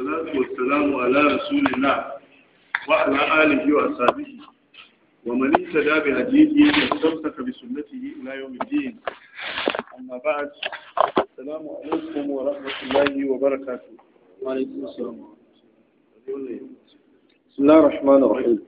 والصلاة والسلام على رسول الله وعلى آله وأصحابه ومن اهتدى بهديه واستمسك بسنته إلى يوم الدين أما بعد السلام عليكم ورحمة الله وبركاته وعليكم السلام بسم الله الرحمن الرحيم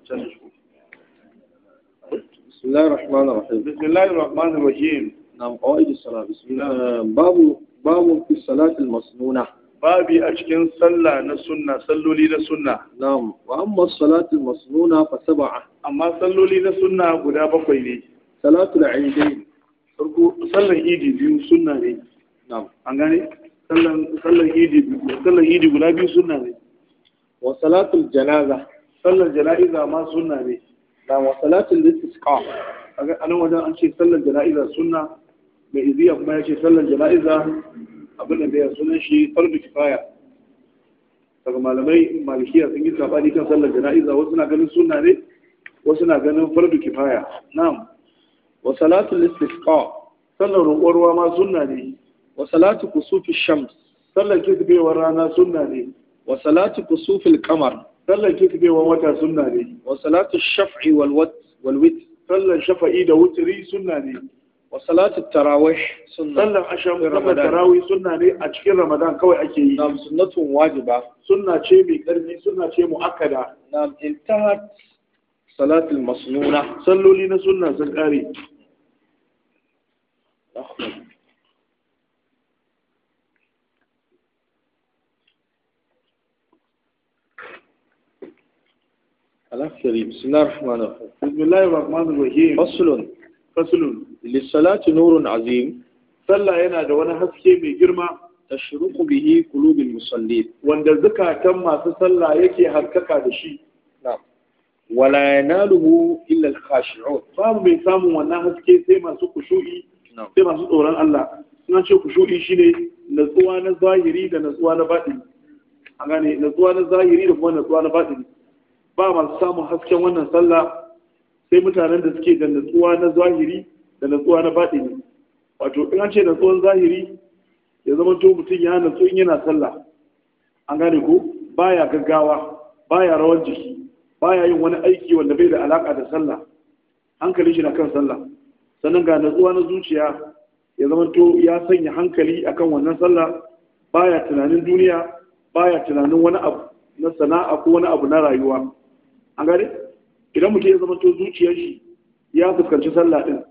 بسم الله الرحمن الرحيم بسم الله الرحمن الرحيم نعم قواعد الصلاة بسم الله آه، باب باب في الصلاة المصنونة babi a cikin sallah na sunna salloli na sunna na'am wa amma salatu masnuna fa sab'a amma salloli na sunna guda bakwai ne Salatu al aidain farko sallan idi biyu sunna ne na'am an gane sallan sallan idi sallan idi guda biyu sunna ne wa al janaza sallan janaiza ma sunna ne na'am wa al istisqa a nan wajen an ce sallan janaiza sunna mai iziya kuma ya ce sallan janaiza abinda da ya sunan shi farbi kifaya daga malamai malikiya sun yi sabani kan sallar jana'iza wasu na ganin suna ne wasu na ganin farbi kifaya na'am wa salatu istisqa sallar roƙon ruwa ma sunna ne wa salatu kusufi shams sallar kisbewar rana sunna ne wa salatu kusufil qamar sallar kisbewar wata sunna ne wa salatu shaf'i wal wit sallar shafa'i da wutri sunna ne wa tarawih sunna sallan tarawih sunna ne a cikin ramadan kawai ake yi nam sunnatun wajiba sunna ce mai karfi sunna ce muakkada nam intahat masnuna salloli na sunna sun kare lissalati nurun azim sallah yana da wani haske mai girma tashruqu bihi kulubin musalli. wanda zukatan masu sallah yake harkaka da shi Wala wala yanaluhu illa al-khashi'un babu mai samun wannan haske sai masu kushu'i sai masu tsoron Allah suna ce kushu'i shine natsuwa na zahiri da natsuwa na baɗi. a gane natsuwa na zahiri da kuma natsuwa na baɗi ba masu samun hasken wannan sallah sai mutanen da suke da natsuwa na zahiri da natsuwa na ne. wato in an ce natsuwan zahiri ya zama to mutum ya natsu in yana sallah an gane ko baya gaggawa baya rawan jiki baya yin wani aiki wanda bai da alaka da sallah hankali shi na kan sallah sannan ga natsuwa na zuciya ya zama to ya sanya hankali akan wannan sallah baya tunanin duniya baya tunanin wani abu na sana'a ko wani abu na rayuwa an gane idan mutum ya zama to zuciyar shi ya fuskanci sallah din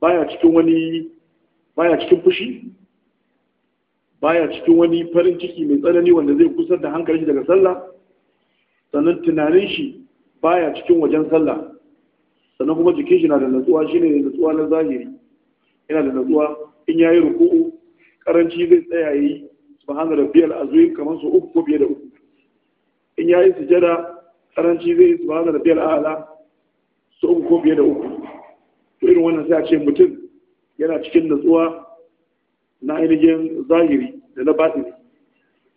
baya cikin wani baya cikin fushi baya cikin wani farin ciki mai tsanani wanda zai kusar da hankalin shi daga sallah sannan tunanin shi baya cikin wajen sallah sannan kuma jikin shi na da natsuwa shine da natsuwa na zahiri yana da natsuwa in yayi ruku'u karanci zai tsaya yi subhana rabbiyal azim kamar su uku ko biye da uku in yayi sujada karanci zai subhana rabbiyal a'la su uku ko biye da uku irin wannan sai a ce mutum yana cikin natsuwa na ainihin zahiri da na batini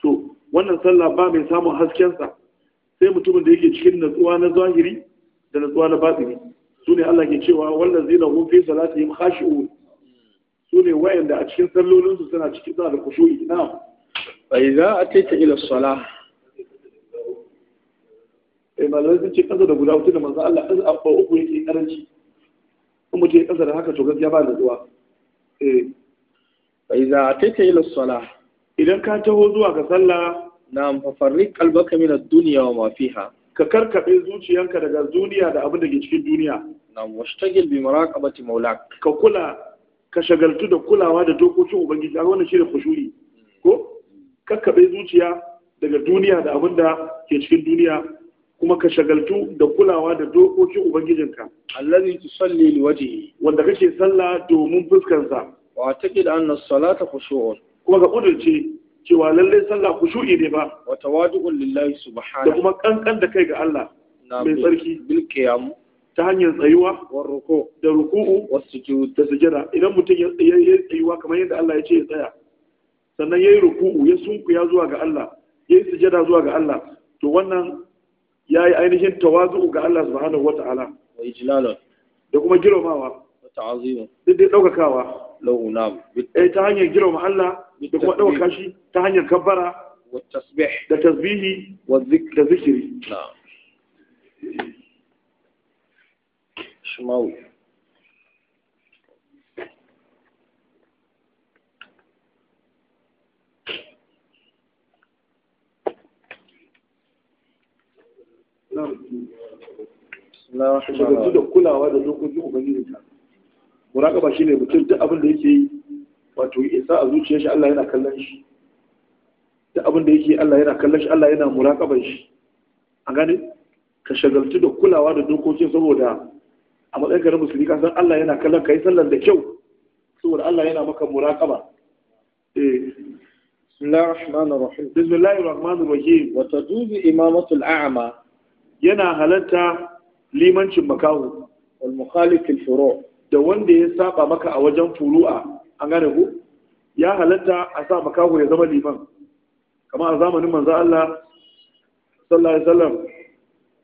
to wannan sallah ba mai samun haskensa sai mutumin da yake cikin natsuwa na zahiri da natsuwa na batini su ne Allah ke cewa wannan zai lahu fi salatihim khashi'un su ne wayanda a cikin sallolinsu suna cikin da kushu'i na'am fa idza ataita ila A eh malamai sun ce kasa da guda hutu da manzo Allah kasa abba uku yake karanci in mutum ya kasa da haka to gaskiya ba da zuwa eh fa idza kai ila salah idan ka taho zuwa ga sallah na mafarrik farriq min ad-dunya wa ma fiha ka karkabe zuciyanka daga duniya da abin da ke cikin duniya na mushtagil bi muraqabati maulak ka kula ka shagaltu da kulawa da dokokin ubangiji a wannan shirin kushuri ko karkabe zuciya daga duniya da abin da ke cikin duniya kuma ka shagaltu da kulawa da dokokin ubangijinka allazi tusalli liwajhi wanda kake sallah domin fuskarsa wa taqid anna salata khushu'un kuma ka kudurce cewa lalle sallah khushu'i ne ba wa tawadu'un lillahi subhanahu da kuma kankan da kai ga Allah mai tsarki bil qiyam ta hanyar tsayuwa war ruku da ruku'u was sujud da sujada idan mutum ya yi tsayuwa kamar yadda Allah ya ce ya tsaya sannan yayi ruku'u ya sunkuya zuwa ga Allah yayi sujada zuwa ga Allah to wannan ya yi ainihin tawazu ga Allah subhanahu wata'ala wa ijlala da kuma girmamawa wa ta'azima duk da daukakawa lahu nam eh ta hanyar girmama Allah da kuma daukaka shi ta hanyar kabbara wa tasbih da tasbihi wa zikri da zikiri na'am shimau shagaltu da kulawa da dokokin ubangijinka muraƙaba shi ne mutum duk abin da yake yi wato Isa sa a zuciyar shi Allah yana kallon shi duk abin da yake Allah yana kallon shi Allah yana muraƙaban shi a gani ka shagaltu da kulawa da dokokin saboda a matsayin garin musulmi ka san Allah yana kallon ka yi sallar da kyau saboda Allah yana maka muraƙaba eh بسم الله الرحمن الرحيم بسم الله الرحمن الرحيم وتجوز إمامة الأعمى yana halatta limancin makahu wal mukhalif fil furu' da wanda ya saba maka a wajen furu'a an gane ku ya halatta a sa makahu ya zama liman kamar a zamanin manzo Allah sallallahu alaihi wasallam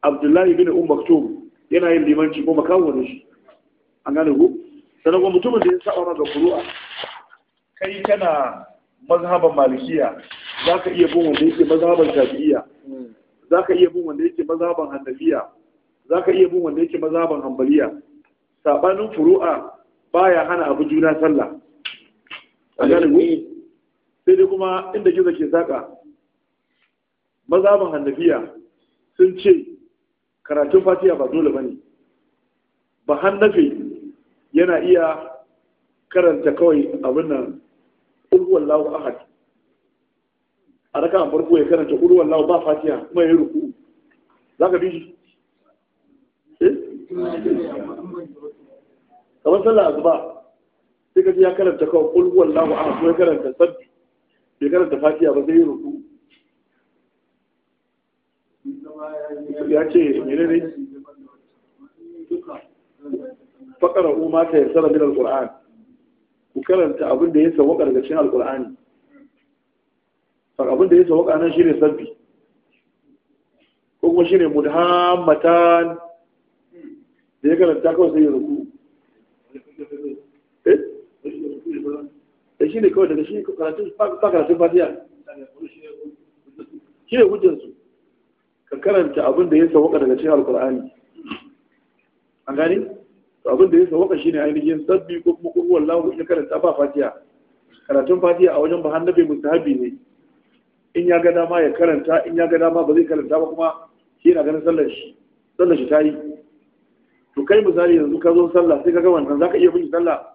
Abdullahi bin Umm Maktum yana yin limanci ko makahu ne shi an gane ku sanan kuma mutumin da ya saba maka furu'a kai kana mazhaban malikiya zaka iya bin wanda yake mazhaban shafi'iyya hmm. za ka iya bin wanda yake mazhaban hanafiya za ka iya bin wanda yake mazhaban hanbaliya sabanin furu'a baya hana abu juna sallah a sai dai kuma inda gizo ke saƙa mazhaban hanafiya sun ce karatun fatiha ba dole ba ne ba hannafe yana iya karanta kawai abin nan ulhuwallahu ahad a raka farko ya karanta ƙuru wallahu ba fatiha kuma ya ruku za ka bi shi eh? kamar sallah zuba. sai ka ji ya karanta kawai ƙul wallahu a kuma ya karanta sabbi ya karanta fatiha ba zai yi ruku ya ce mene ne faƙara umar ta yasara min alƙur'an ku karanta abin da ya sauwaƙa daga cikin alƙur'ani abin da ya sauka nan shi ne sabbi ko kuma shi ne mudhammatan da ya karanta kawai sai ya ruku eh, eh shi ne kawai daga shi karatun karatun fatiya shi ne hujjansu ka karanta abin da ya sauka daga cikin alkur'ani an gani abin da ya sauka shi ne ainihin sabbi ko kuma kurwar wallahu ya karanta ba fatiya karatun fatiya a wajen ba hannabe mustahabi ne in ya ga dama ya karanta in ya ga dama ba zai karanta ba kuma shi na ganin sallar shi sallar shi ta yi to kai misali yanzu ka zo sallah sai ka ga wannan ka iya fushi sallah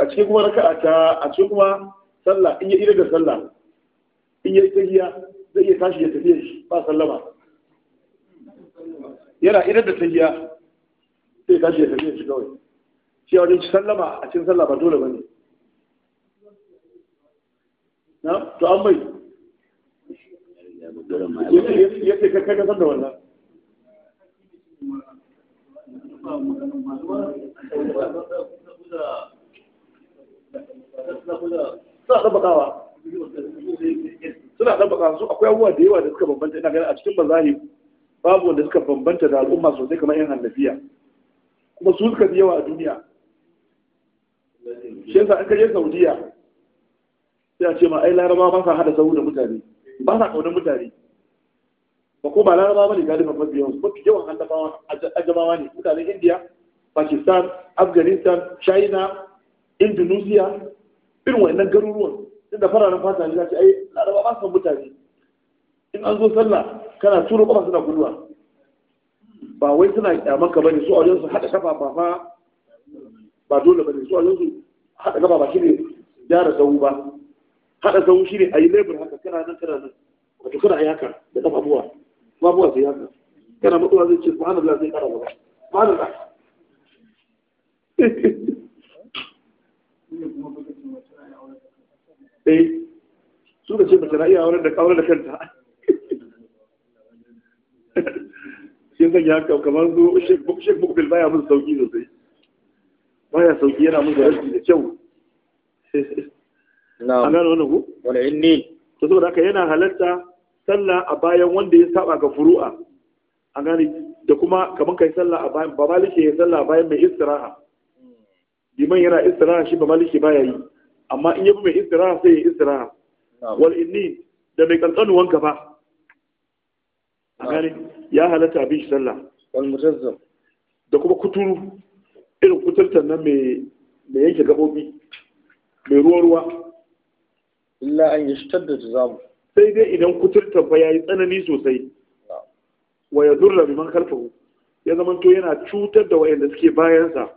a cikin kuma a ta a cikin kuma sallah in ya ida da sallah in ya ita zai iya tashi ya tafiya shi ba sallama yana ida da tahiya sai tashi ya tafi shi kawai shi a wajen sallama a cikin sallah ba dole ba ne na to an mai ya ce kai ka da wannan suna ɗabakawa suna ɗabakawa su akwai abubuwa da yawa da suka bambanta ina ganin a cikin mazahib babu wanda suka bambanta da al'umma sosai kamar yan hannafiya kuma su suka yawa a duniya shi yasa an kaje saudiya sai a ce ma ai laraba ba sa hada sauri da mutane ba sa kaunar mutane ba ko ba laraba ba ne galibin mabiyan su mafi yawan annabawa ajamawa ne mutanen india pakistan afghanistan china indonesia irin wannan garuruwan inda fararen fata ne za ce ai laraba ba sa mutane in an zo sallah kana turo kafa suna guduwa ba wai suna kyaman ka bane su a wajen su haɗa kafa ba ba dole bane su a wajen su haɗa kafa ba shine gyara sahu ba haɗa sahu shine a yi lebur haka kana nan kana nan wato kana yi haka da kuma buwa sai haka kana mutuwa zai ce subhanallah zai kara gaba subhanallah eh su da ce mace na iya auren da kawar da kanta shi zan haka kamar zo shek mukbil baya mun sauki sosai baya sauki yana mun rashi da kyau na'am ana wannan ku wala inni to saboda haka yana halatta sallah a bayan wanda ya saba ga furu'a an gane da kuma kamar kai sallah a bayan babalike ya sallah bayan mai istiraha liman yana istiraha shi babalike baya yi amma in yabi mai istiraha sai ya istiraha wal inni da mai kankanuwan ba. ya halatta abin shi sallah da kuma kuturu irin kuturtar nan mai yanke gabobi mai ruwa ruwa illa an yashtadda jazamu sai dai idan kuturtar fa yi tsanani sosai wa yadurra man karfahu ya zamanto yana cutar da wayanda suke bayansa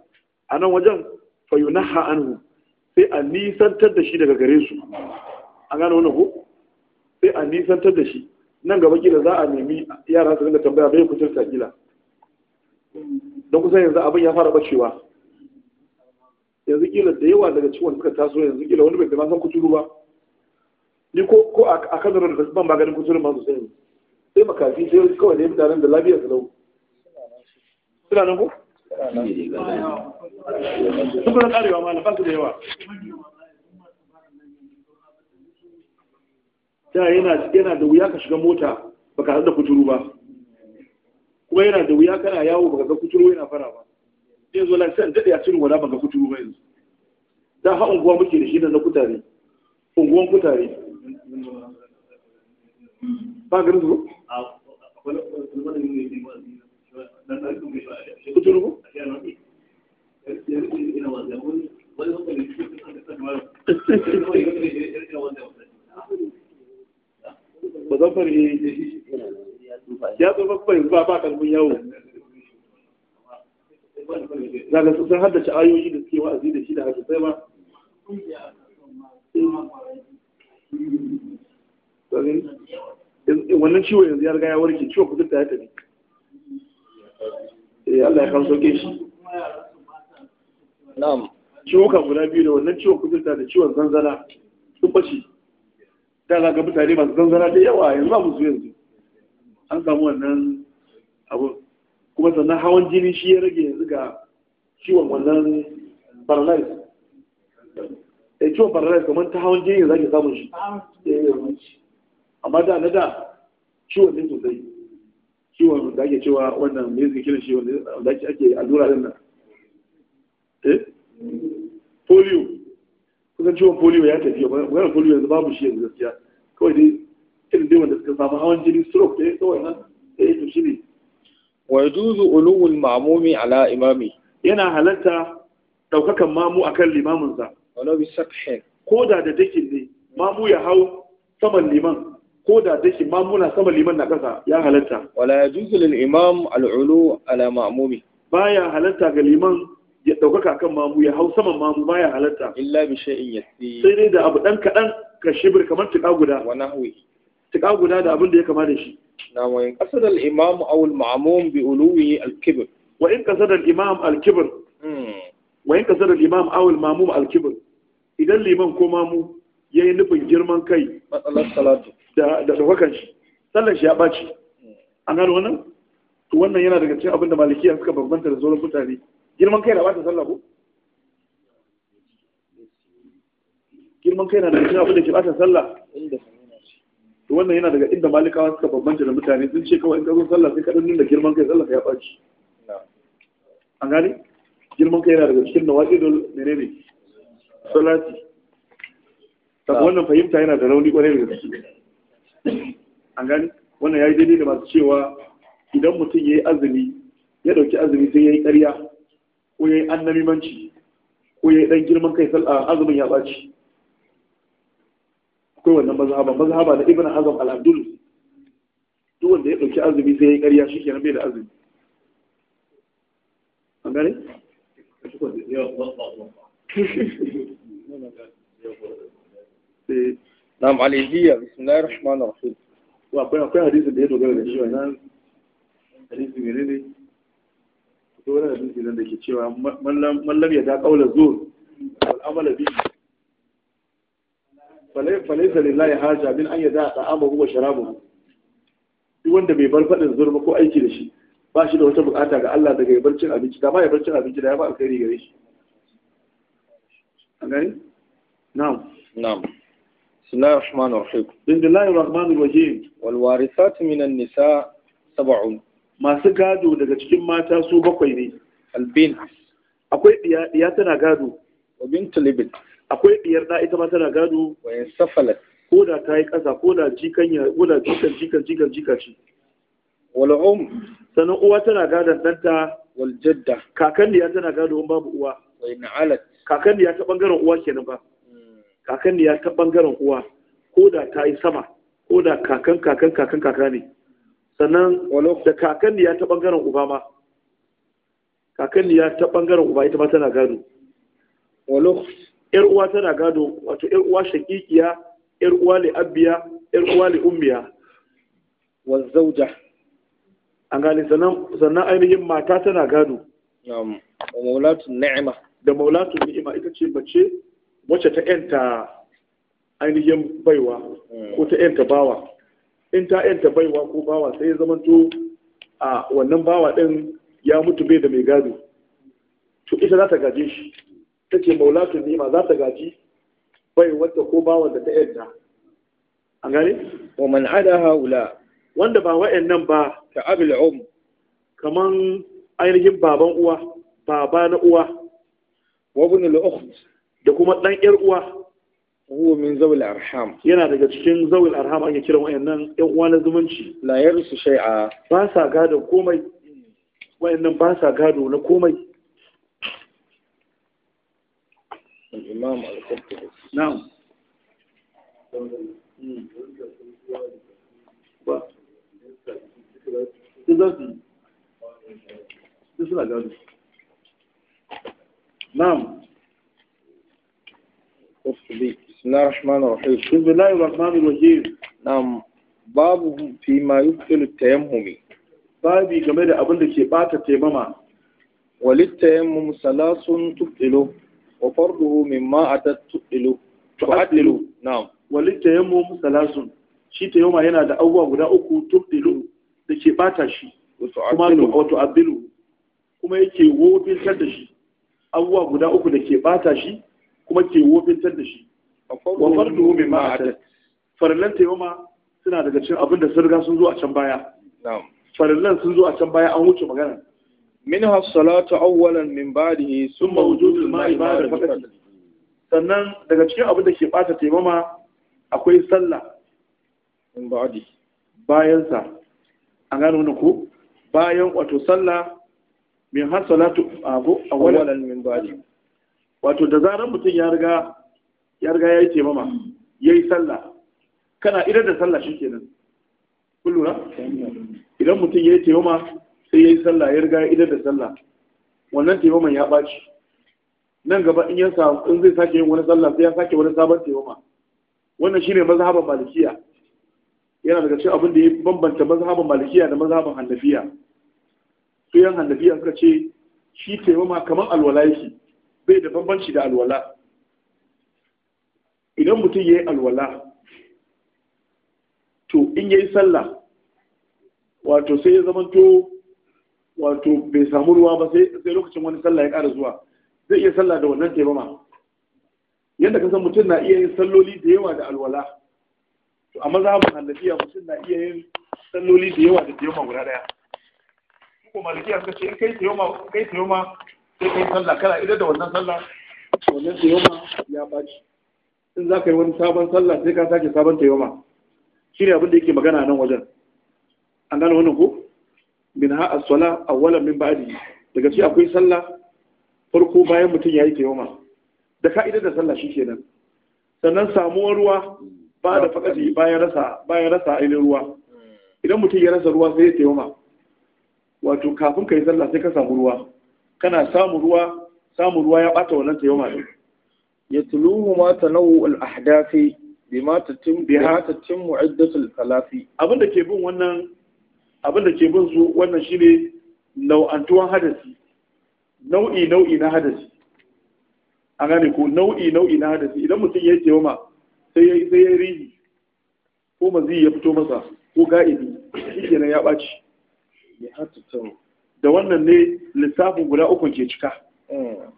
a nan wajen fa yunaha anhu sai a nisantar da shi daga gare su an gane wannan ko sai a nisantar da shi nan gaba kila za a nemi yara su dinga tambaya bai kucirta kila don kusan yanzu abin ya fara bacewa yanzu kila da yawa daga ciwon suka taso yanzu kila wani bai san kuturu ba ni ko ko a kan da ban ba ganin kuturun sosai ne sai makafi sai kawai da mutanen da lafiya su lau suna nan ko ma na da yawa da yana yana da wuya ka shiga mota baka da kuturu ba kuma yana da wuya kana yawo baka ga kuturu yana fara ba zai zo lafiya in daɗe a cikin wala baka kuturu ba yanzu da ha unguwa muke da shi da na kutare unguwan kutare ba garin su kuturu kafar ya tsofa kuma yanzu ba ba karfin yawo daga su sun haddace ayoyi da suke wa'azi da shi da haka sai ba wannan ciwo yanzu ya riga ya warke ciwo kudin ta ya tafi eh Allah ya kawo sauke shi na'am ciwo kan guda biyu da wannan ciwon kudin da ciwon zanzana sun za ga mutane masu zanzara da yawa yanzu ba su yanzu an samu wannan abu kuma sannan hawan jini shi ya rage yanzu ga ciwon wannan paralyze eh ciwon paralyze kamar ta hawan jini zaki samun shi amma da na da ciwon ne sosai ciwon da ake cewa wannan me zai kira shi wanda ake allura din nan eh? polio kusan ciwon polio ya tafi magana polio yanzu babu shi yanzu gaskiya kawai dai irin dai wanda suka samu hawan jini stroke da kawai nan da eh ya tushi ne wa yajuzu ulul ma'mumi ala imami yana halatta daukakan mamu akan limaminsa. sa wala bi sakhe ko da da dakin ne mamu ya hau saman liman ko da dake mamu na saman liman na kasa ya halatta wala yajuzu lil imam al ulu ala ma'mumi baya halatta ga liman ya ɗaukaka kan mamu ya hau saman mamu ba ya halatta illa bi shay'in yasi sai dai da abu dan kadan ka shibir kamar tuka guda wa nahwi tuka guda da abin da ya kama da shi na wa in qasada al imam aw al ma'mum bi uluwi al kibr wa in qasada al imam al kibr hmm. wa in qasada al imam aw al ma'mum al kibr idan liman ko mamu yayi nufin girman kai matsalar salatu da da dawakan shi sallar shi ya baci hmm. an gano wannan to wannan yana daga cikin abin da malikiya suka bambanta da sauran mutane girman kai na ba ta sallah ko girman kai na da cikin abin da ke ba ta sallah to wannan yana daga inda malikawa suka bambanta da mutane sun ce kawai in ka zo sallah sai ka dan nuna girman kai sallah ya baci an gani girman kai yana daga cikin nawaqidul menene salati ta wannan fahimta yana da rauni kwarai da gaske an gani wannan yayi daidai da masu cewa idan mutum yayi azumi ya dauki azumi sai yayi ƙarya ko ya yi annamimanci ko ya yi ɗan girman kai ah, azumin ya ɓaci akwai wannan mazhaba mazhaba na ibn azam al duk wanda ya ɗauki azumi sai ya yi ƙarya shi kenan bai da azumi an gane? Na'am alihiyya bismillahir rahmanir rahim. Wa akwai hadisin da ya dogara da shi wannan hadisi ne ne akwai wani hadisi nan da ke cewa mallam ya da kaula zuwa wal amala bi falaisa lillahi haja min an yada da amahu Kuma sharabuhu duk wanda bai bar faɗin zurba ko aiki da shi ba shi da wata bukata ga Allah daga ya bar cin abinci da ba ya bar cin abinci da ya ba kai gare shi an gani na'am na'am بسم الله الرحمن الرحيم بسم الله الرحمن الرحيم والوارثات من النساء سبع masu gado daga cikin mata su bakwai ne albin akwai ɗiya tana gado wa bintu akwai ɗiyar ɗa ita ma tana gado Wayan safalat ko da ta yi ƙasa ko da jikan ya ko da jikan jikan jikan jika ce wal um Sannan uwa tana gadon ɗanta. wal jadda kakan ya tana gado babu uwa wa alat kakan ya ta ɓangaren uwa kenan ba hmm. kakan ya ta ɓangaren uwa ko da ta yi sama ko da kakan kakan kakan kaka ne sannan da ya ta bangaren uba ma ya ta bangaren uba ita ma tana gado walau yar uwa tana gado wato yar uwa shakikiya yar uwa li abiya yar uwa li ummiya wa zauja an gane sannan sannan ainihin mata tana gado wa maulatun ni'ima da maulatun ni'ima ita ce mace wacce ta yanta ainihin baiwa hmm. ko ta yanta bawa in ta yanta baiwa ko bawa sai ya zamanto a wannan bawa ɗin ya mutu bai da mai gado to ita za ta gaje shi ta ce maulatun nema za ta gaji bai wata ko bawa da ta yanta an gane wa man ada haula wanda ba nan ba ta abul um kaman ainihin baban uwa baba na uwa wa ibn al da kuma ɗan yar uwa huwa min zawil arham yana daga cikin zawil arham ake kiran wayannan yan uwa na zumunci la yarsu shay'a ba sa gado komai wayannan ba sa gado na komai imam al na'am na'am بسم الله الرحمن الرحيم بسم الله الرحمن الرحيم نعم باب فيما يبطل التيمم babi game da abin da ke bata taimama walit tayammum salasun tubtilu wa farduhu mimma atat tubtilu tu'addilu na'am walit tayammum salasun shi tayammuma yana da abubuwa guda uku tubtilu da ke bata shi kuma wato abdilu kuma yake wofintar da shi abubuwa guda uku da ke bata shi kuma ke wofintar da shi wa taimama suna daga abin da riga sun zo a can baya sun zo a can baya an wuce magana minha salatu awwalan min ba'dihi thumma wujudul ma'i ba'da sannan daga cikin abin da ke bata taimama akwai sallah ba'di gano ne bayan wato sallah min har salatu awwalan min ba'di wato da zaran mutum ya riga ya riga ya yi taimama ya yi sallah kana idar da sallah shi kenan kun lura idan mutum ya yi taimama sai ya yi sallah ya riga ya idar da sallah wannan taimaman ya ɓaci nan gaba in yansa in zai sake yin wani sallah sai ya sake wani sabon taimama wannan shine mazhaban malikiya yana daga cikin abin da ya bambanta mazhaban malikiya da mazhaban hannafiya su yan hannafiya suka ce shi taimama kamar alwala yake bai da bambanci da alwala idan mutum ya yi alwala to in ya yi sallah wato sai ya to wato bai samu ruwa ba sai lokacin wani sallah ya ƙara zuwa zai iya sallah da wannan taimama yadda kasan mutum na iya yin salloli da yawa da alwala to a mu hanafiya mutum na iya yin salloli da yawa da taimama guda ɗaya ko malikiya suka ce in kai taimama kai taimama sai kai sallah kana idan da wannan sallah wannan taimama ya baci in za ka yi wani sabon sallah sai ka sake sabon taimama shi ne abin da yake magana nan wajen an gane wannan ko min ha Sola a awwalan min ba'di daga ci akwai sallah farko bayan mutum ya yi taimama da ka'idar da sallah shi nan. sannan samuwar ruwa ba da fakaji bayan rasa bayan rasa ainihin ruwa idan mutum ya rasa ruwa sai ya taimama wato kafin ka yi sallah sai ka samu ruwa kana samu ruwa samu ruwa ya bata wannan taimama ne. yatluhu ma tanawwu al-ahdathi bima tatim biha tatim mu'addatul thalathi abinda ke bin wannan abinda ke bin su wannan shine nau'antuwan hadasi nau'i nau'i na hadasi an gane ko nau'i nau'i na hadasi idan mutum ya ce ma sai ya sai ya rihi ko mazi ya fito masa ko ga'ibi shikenan ya baci ya hatta da wannan ne lissafin guda uku ke cika mm.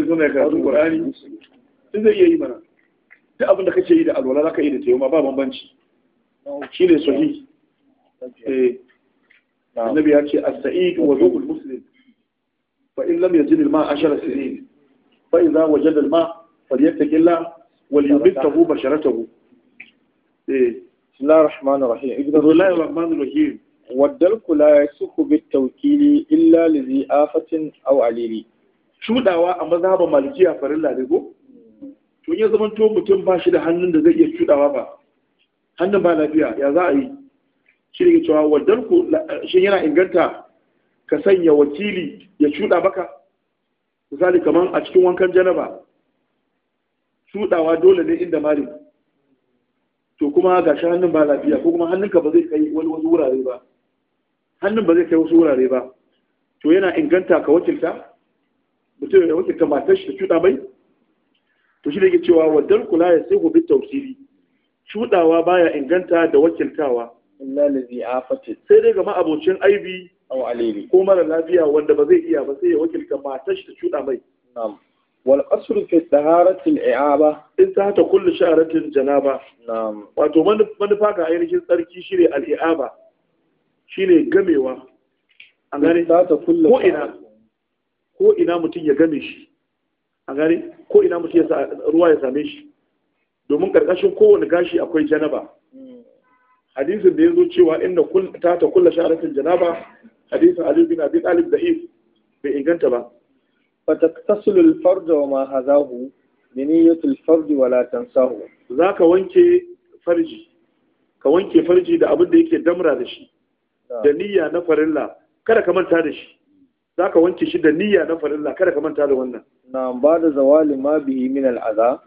zai zo mai karatun qur'ani sai zai iya yi mana duk abin da kake yi da alwala zaka yi da tayyuma ba bambanci shi ne sahih eh annabi ya ce as-sa'id wa zuqul muslim fa in lam yajid al-ma'a ashara sinin fa idza wajada al-ma'a falyattaqi Allah wal yubtahu basharatahu eh بسم الله الرحمن الرحيم بسم الله الرحمن الرحيم والدلك لا يسخ بالتوكيل إلا لذي آفة أو alili. cudawa a mazhaban malikiya farin ne ko to ya zama to mutum ba shi da hannun da zai iya cudawa ba hannun ba lafiya ya za a yi shi ne cewa wadan ku shi yana inganta ka sanya wakili ya cuda maka misali kamar a cikin wankan janaba cudawa dole ne inda mari to kuma ga shi hannun ba lafiya ko kuma hannunka ba zai kai wani wasu wurare ba hannun ba zai kai wasu wurare ba to yana inganta ka wakilta mutum ya wanke kamatar shi da cuɗa mai to shi da yake cewa wadar kula ya sai gobe tausiri Cudawa baya inganta da wakiltawa illa lazi afati sai dai ga abocin aibi aw alili ko mara lafiya wanda ba zai iya ba sai ya wakilta matar shi ta cuɗa mai na'am wal qasru fi taharati al i'aba in ta ta kullu sha'ratin janaba na'am wato manufa ga ainihin tsarki shine al i'aba shine gamewa an gane ta ta kullu ko ina ko ina mutum ya game shi a gani ko ina mutum ya ruwa ya same shi domin karkashin kowane gashi akwai janaba hadisun da ya zo cewa inda ta ta kulla sha'aratin janaba hadisin na bin abi da if bai inganta ba فتغتسل الفرج وما هذاه بنية الفرج ولا za ka wanke farji ka wanke farji da abin da yake damra da shi da niyya na farilla kada ka manta da shi za ka wanke shi da niyya na farilla kada ka manta da wannan na ba da zawali ma bihi min al'aza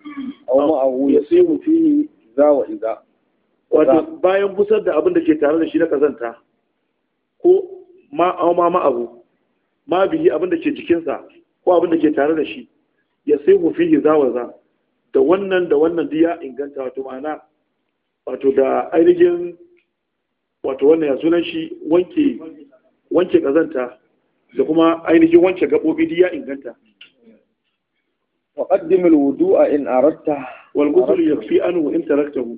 aw ma ahu yasiru fihi za wa iza wato bayan busar da abin da ke tare da shi na kazanta ko ma aw ma ma abu ma bihi abin da ke jikinsa ko abin da ke tare da shi yasiru fihi za wa za da wannan da wannan duk ya inganta wato ma'ana wato da ainihin wato wannan ya sunan shi wanke wanke kazanta da kuma ainihin wanke gaɓoɓi duk ya inganta wa qaddimul wudu'a in aradta wal ghusl yakfi anhu in taraktahu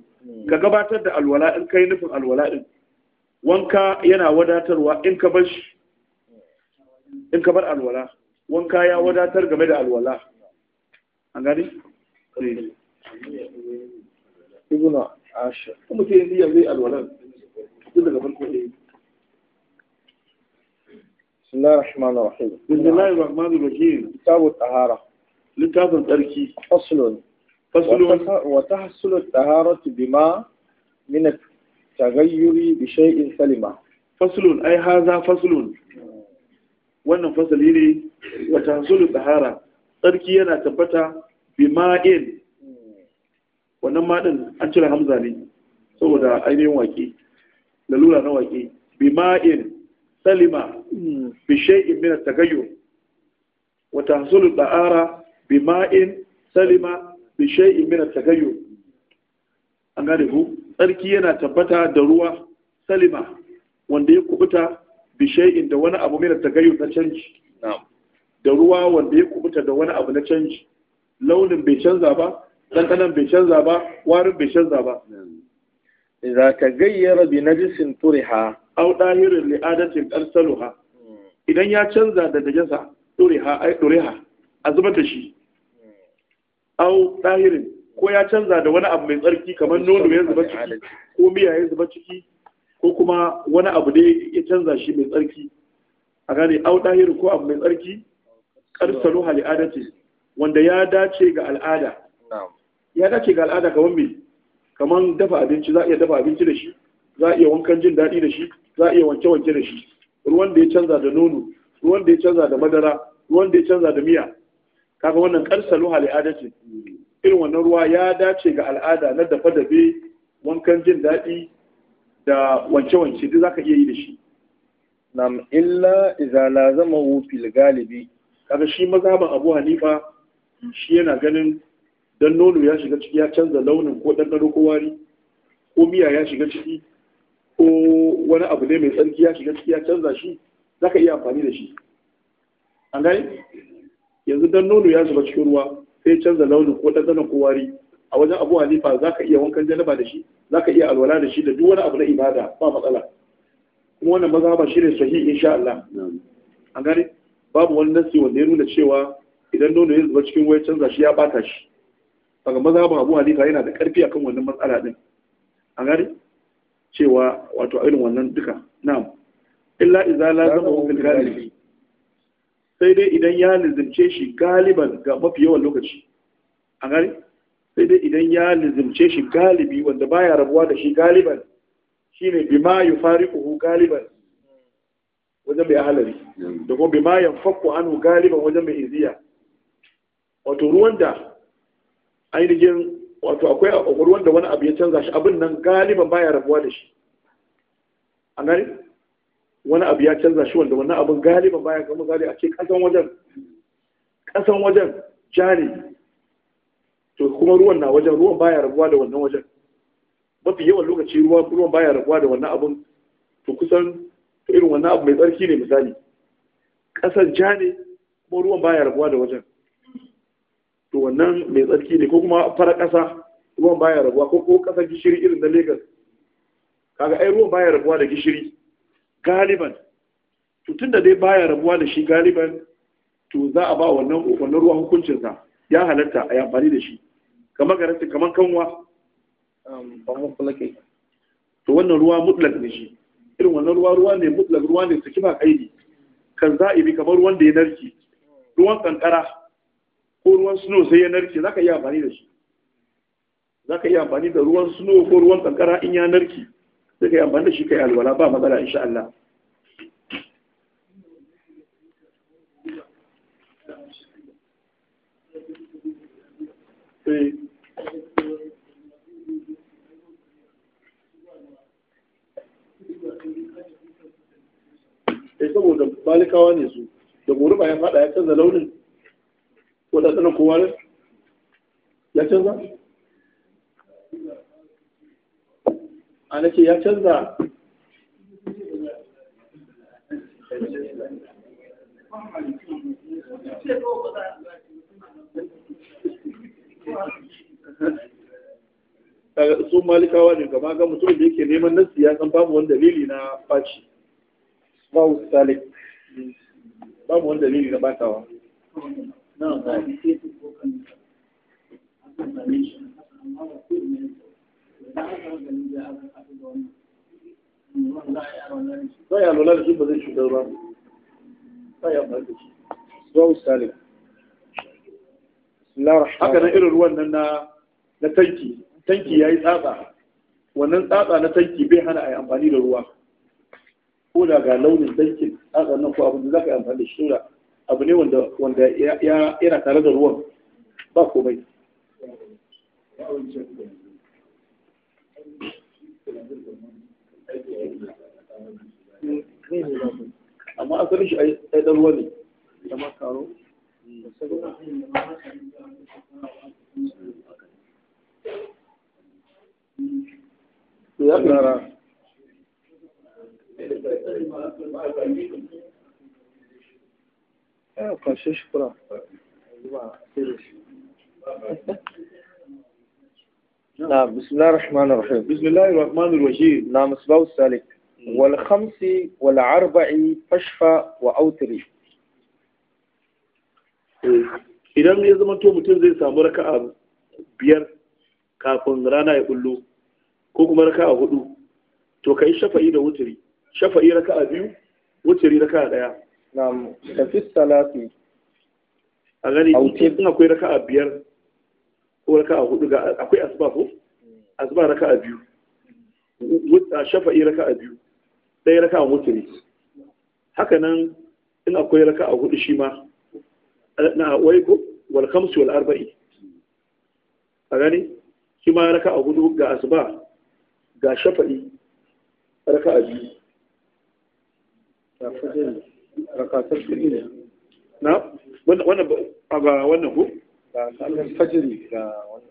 ka gabatar da alwala in kai nufin alwala din wanka yana wadatarwa in ka bar shi in ka bar alwala wanka ya wadatar game da alwala an gani ibnu ashar kuma sai yanzu yanzu alwala tun daga farko ne بسم الله الرحمن الرحيم بسم الله الرحمن الرحيم كتاب الطهارة لكتاب التركي فصل فصل وتحصل الطهارة بما من التغير بشيء سلمة فصل أي هذا فصل wannan fasali ne wata hasulu tsahara tsarki yana tabbata bi ma'in wannan ma'in an cire hamza ne saboda ainihin waƙe. lalura na wake salima bi shay'in min at-tagayyur wa tahsul al-ba'ara bi salima bi shay'in min at tsarki yana tabbata da ruwa salima wanda ya kubuta bi da wani abu min at-tagayyur na canji da ruwa wanda ya kubuta da wani abu na canji launin bai canza ba ɗanɗanan bai canza ba warin bai canza ba idza tagayyara bi najisin turiha au dahirin li adatin arsaluha idan ya canza da dajasa dureha ai a zuba da shi au dahirin ko ya canza da wani abu mai tsarki kamar nono ya zuba ciki ko miya ya zuba ciki ko kuma wani abu da ya canza shi mai tsarki a gane au dahirin ko abu mai tsarki arsaluha li adatin wanda ya dace ga al'ada ya dace ga al'ada kamar me kamar dafa abinci za a iya dafa abinci da shi za a iya wankan jin daɗi da shi za a iya wanke-wanke da shi ruwan da ya canza da nono ruwan da ya canza da madara ruwan da ya canza da miya kaga wannan karsalu hali ce irin wannan ruwa ya dace ga al'ada na dafa dabe wankan jin daɗi da wanke-wanke duk zaka iya yi da shi nam illa idza lazama fil galibi kaga shi mazhaban Abu Hanifa shi yana ganin dan nono ya shiga ciki ya canza launin ko ɗanɗano ko wari ko miya ya shiga ciki ko wani abu ne mai tsarki ya shiga ciki ya canza shi za ka iya amfani da shi an gani yanzu dan nono ya zuba cikin ruwa sai canza launin ko ɗanɗanon ko wari a wajen abu halifa za ka iya wankan janaba da shi za ka iya alwala da shi da duk wani abu na ibada ba matsala kuma wannan ba shi ne sahi insha Allah an gani babu wani nasi wanda ya nuna cewa idan nono ya zuba cikin ya canza shi ya bata shi daga ba abu halifa yana da karfi akan wannan matsala din an gani cewa wato a irin wannan duka na'am illa idza lazama fil galibi sai dai idan ya lizimce shi galiban ga mafi yawan lokaci a gani sai dai idan ya lizimce shi galibi wanda baya rabuwa da shi galiban shine bima yufariquhu galiban wajen mai halari da kuma bima yanfaku anhu galiban wajen mai iziya wato ruwan da ainihin wato akwai kwakwalwar da wani abu ya canza shi abin nan galiban baya rabuwa da shi a gani wani abu ya canza shi wanda wannan abin galiban baya ga misali a ce kasan wajen kasan wajen jari to kuma ruwan na wajen ruwan baya rabuwa da wannan wajen mafi yawan lokaci ruwan baya rabuwa da wannan abin to kusan irin wannan abu mai tsarki ne misali kasan ja ne kuma ruwan baya rabuwa da wajen to wannan mai tsarki ne ko kuma fara ƙasa ruwan baya rabuwa ko ko ƙasa gishiri irin na Legas kaga ai ruwan baya rabuwa da gishiri galiban to tunda dai baya rabuwa da shi galiban to za a ba wannan wannan ruwa hukuncin sa ya halatta a yi amfani da shi kamar garanti kamar kanwa um, to wannan ruwa mutlak ne shi irin wannan ruwa ruwa ne mutlak ruwa ne saki ba kaidi kan bi kamar ruwan da ya narki ruwan kankara ko ruwan snow sai ya narke za ka iya amfani da shi za ka iya amfani da ruwan snow ko ruwan kankara in ya narke sai ka yi amfani da shi ka yi alwala ba matsala insha Allah sai eh. eh, saboda balikawa ne su da goruba ya fada ya canza launin ko kowa ne ya canza a nake ya canza su malikawa ne gama ga mutum da yake neman nasi ya san babu wani dalili na faci babu salik babu wani dalili na batawa Sai ya lura da shi ba zai cutar ba. Sai ya da shi. Zuwa Salim. Haka irin ruwan nan na tanki, tanki ya yi tsatsa. Wannan tsatsa na tanki bai hana a yi amfani da ruwa. Ko da ga launin tankin tsatsa nan ko abin da za ka yi amfani da shi abu ne wanda yana tare da ruwan ba komai amma asalin shi ai ɗan ruwa ne بسم الله الرحمن الرحيم بسم الله الرحمن الرحيم نعم سباو السالك والخمس والأربع فشفى ya zama to mutum zai samu a biyar kafin rana ya bullo ko kuma raka'a hudu to kai shafa'i da wuturi shafa'i raka'a biyu wuturi raka'a daya na'am ka fi salati a gani in akwai raka'a biyar ko raka'a hudu ga akwai asuba ko asuba a biyu a shafa'i raka a biyu ɗaya a mutane haka nan in akwai raka a hudu shi ma eh, na wai ko walkamsu khamsu a gani shi ma raka a hudu ga asuba ga shafa'i raka a biyu na wannan ba wannan ko ga fajiri ga wannan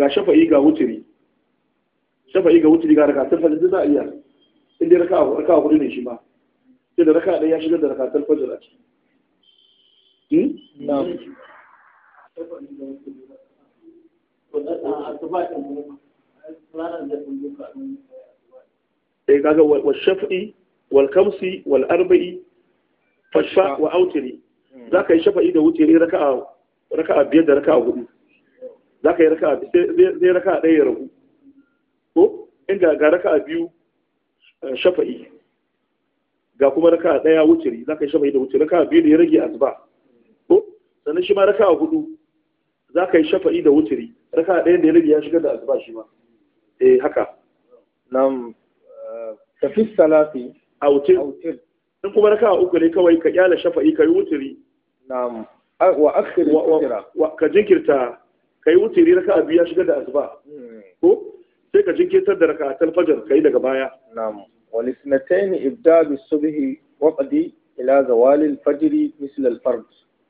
ga shafa'i ga wuturi shafa'i ga wuturi ga rakatar da za a iya in dai raka raka a ne shi ma sai da raka ɗaya ya shigar da raka fajr da ciki hmm? na'am eh, kaga wa shafi wal kamsi wal arba'i fashfa wa autiri hmm. zaka yi shafa'i da wuturi raka'a raka'a biyar da raka'a hudu za ka yi raka zai raka ɗaya ya rabu ko inda ga raka biyu eh, shafa'i ga kuma raka ɗaya wuciri za ka yi shafa'i da wuciri raka biyu da ya rage zuba. ko sannan shi ma raka hudu za ka yi shafa'i da wuciri raka ɗaya da ya rage ya shiga da asuba shi ma eh haka nam tafi eh, salafi a wutir in kuma raka uku ne kawai ka kyala shafa'i ka yi wuciri nam wa akhir wa ka jinkirta kai wutiri raka'a biyu ya shiga da asuba ko sai ka jinkirtar da raka'a talfajar kai daga baya na'am wal isnatayn ibda bis subhi waqdi ila zawal al fajr misl al fard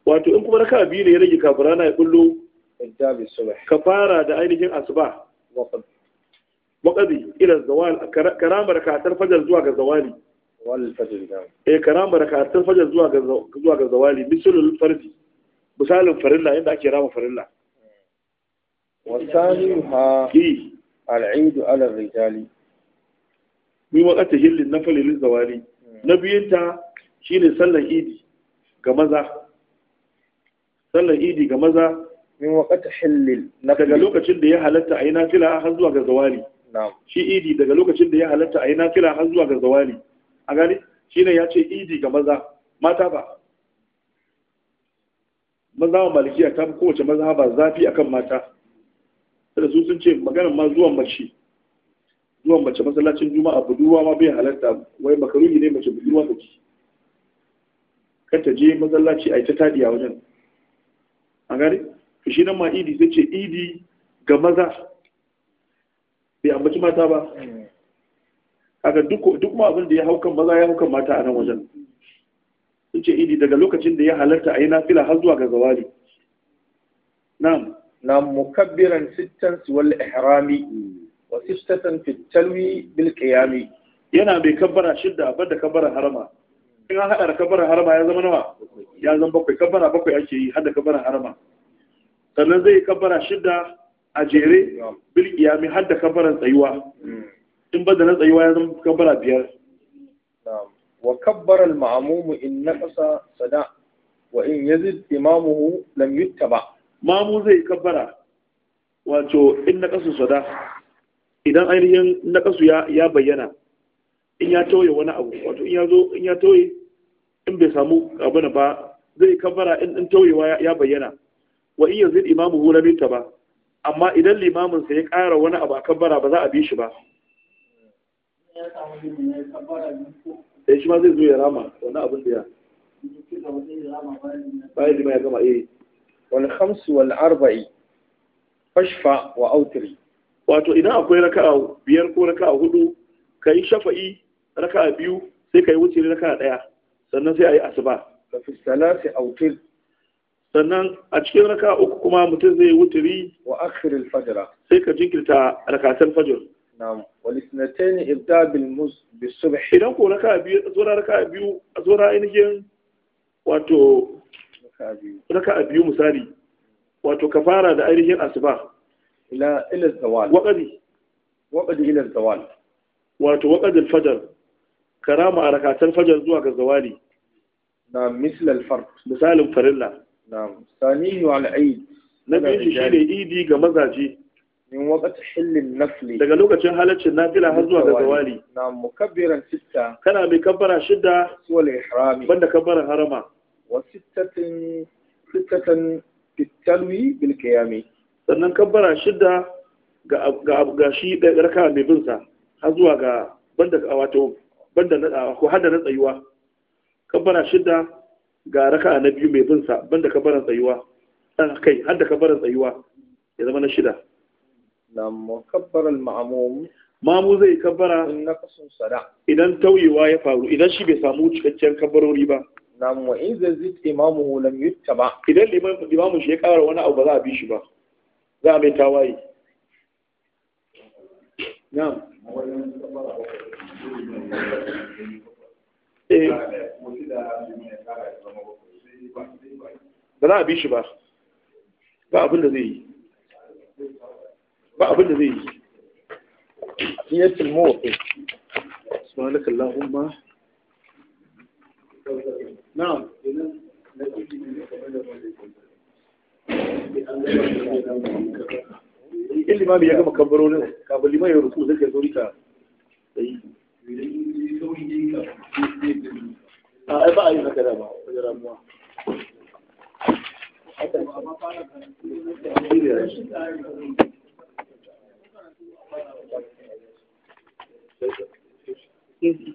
wato in kuma raka'a biyu ne ya rage kafirana ya kullu? ibda subh ka fara da ainihin asuba wa qadi ila zawal karama raka'a talfajar zuwa ga zawali wal fajr eh karama raka'a talfajar zuwa ga zuwa ga zawali misl al fard misalin farilla inda ake rama farilla وثانيها العيد على الرجال من وقت هل النفل للزوالي نبيتا shine sallar idi ga maza sallar idi ga maza min waqati hillil daga lokacin da ya halatta ayi nafila har zuwa ga zawali shi idi daga lokacin da ya halatta ayi nafila har zuwa ga zawali a gani shine ya ce idi ga maza mata ba maza wa malikiya ta fi kowace maza ba zafi akan mata da su sun ce maganar ma zuwan mace zuwan mace masallacin juma'a budurwa ma bai halarta wai makaruhi ne mace budurwa ta ci kar ta je masallaci a yi ta tadiya wajen a gari to shi nan ma idi sai ce idi ga maza bai ambaci mata ba haka duk ma abin da ya haukan maza ya haukan mata a nan wajen sun ce idi daga lokacin da ya halarta a yi nafila har zuwa ga zawali na'am na mukabbiran sittan wal ihrami wa sittatan fi talwi bil qiyami yana bai kabbara shidda bar da kabbara harama in an hada da kabbara harama ya zama nawa ya bakwai kabbara bakwai ake yi har da kabbara sannan zai kabbara shidda a jere bil qiyami har tsayuwa in ba da na tsayuwa ya zama biyar wa in wa in yuttaba mamu zai kabbara wato in na kasu sada idan ainihin na kasu ya bayyana in ya tauye wani abu wato in ya zo in ya tauye in bai samu abin ba zai kabbara in in tauyewa ya bayyana wa in yanzu imamu hulaminta ba amma idan limaminsa ya ƙara wani abu a kabbara ba za a bi shi ba ya eh, shi ma zai zo ya rama wani abin da ya bayan lima ya gama eh wal khamsu wal arba'i fashfa wa autri wato idan akwai raka'a biyar ko raka'a hudu ka yi shafa'i raka'a biyu sai ka yi wuce raka'a daya sannan sai ayi asuba fa fi salati autir sannan a cikin raka'a uku kuma mutum zai wuturi wa akhir al sai ka jinkirta rakatan fajr na'am wal isnatayn ibda bil mus bis subh idan ko raka'a biyu zura raka'a biyu a zura ainihin wato a biyu misali wato ka fara da ainihin asuba ila ila zawal waqadi waqadi ila zawal wato waqadil fajr karama a rakatan fajar zuwa ga zawali na mislal fard misalin farilla na saniyu al aid na biyu shi ne idi ga mazaje min waqti hillin nafli daga lokacin halaccin nafila har zuwa ga zawali na mukabbiran sitta kana mai kabbara shidda wal ihrami banda kabbara harama wa sittatin sittatan bitalwi sannan kabbara shidda ga ga ga shi da raka mai bin sa har zuwa ga banda wato banda na ko hada na tsayuwa kabbara shidda ga raka na biyu mai bin sa banda kabbaran tsayuwa kai da kabbaran tsayuwa ya zama na shida Namu kabbaral ma'mum ma'amu zai kabbara idan tauyewa ya faru idan shi bai samu cikakken kabbarori ba nam wa in zazid imamuhu lam yuttaba idan limamin shi ya kara wani abu ba za a bi shi ba za a mai tawaye na'am eh ba za a bi shi ba ba abin da zai yi ba abin da zai yi niyyar tilmo wa kai subhanakallahumma ilimami ya gama kabbarorin kafin liman ya zai ka yi a ba a yi haka da ba wajen ramuwa Thank you.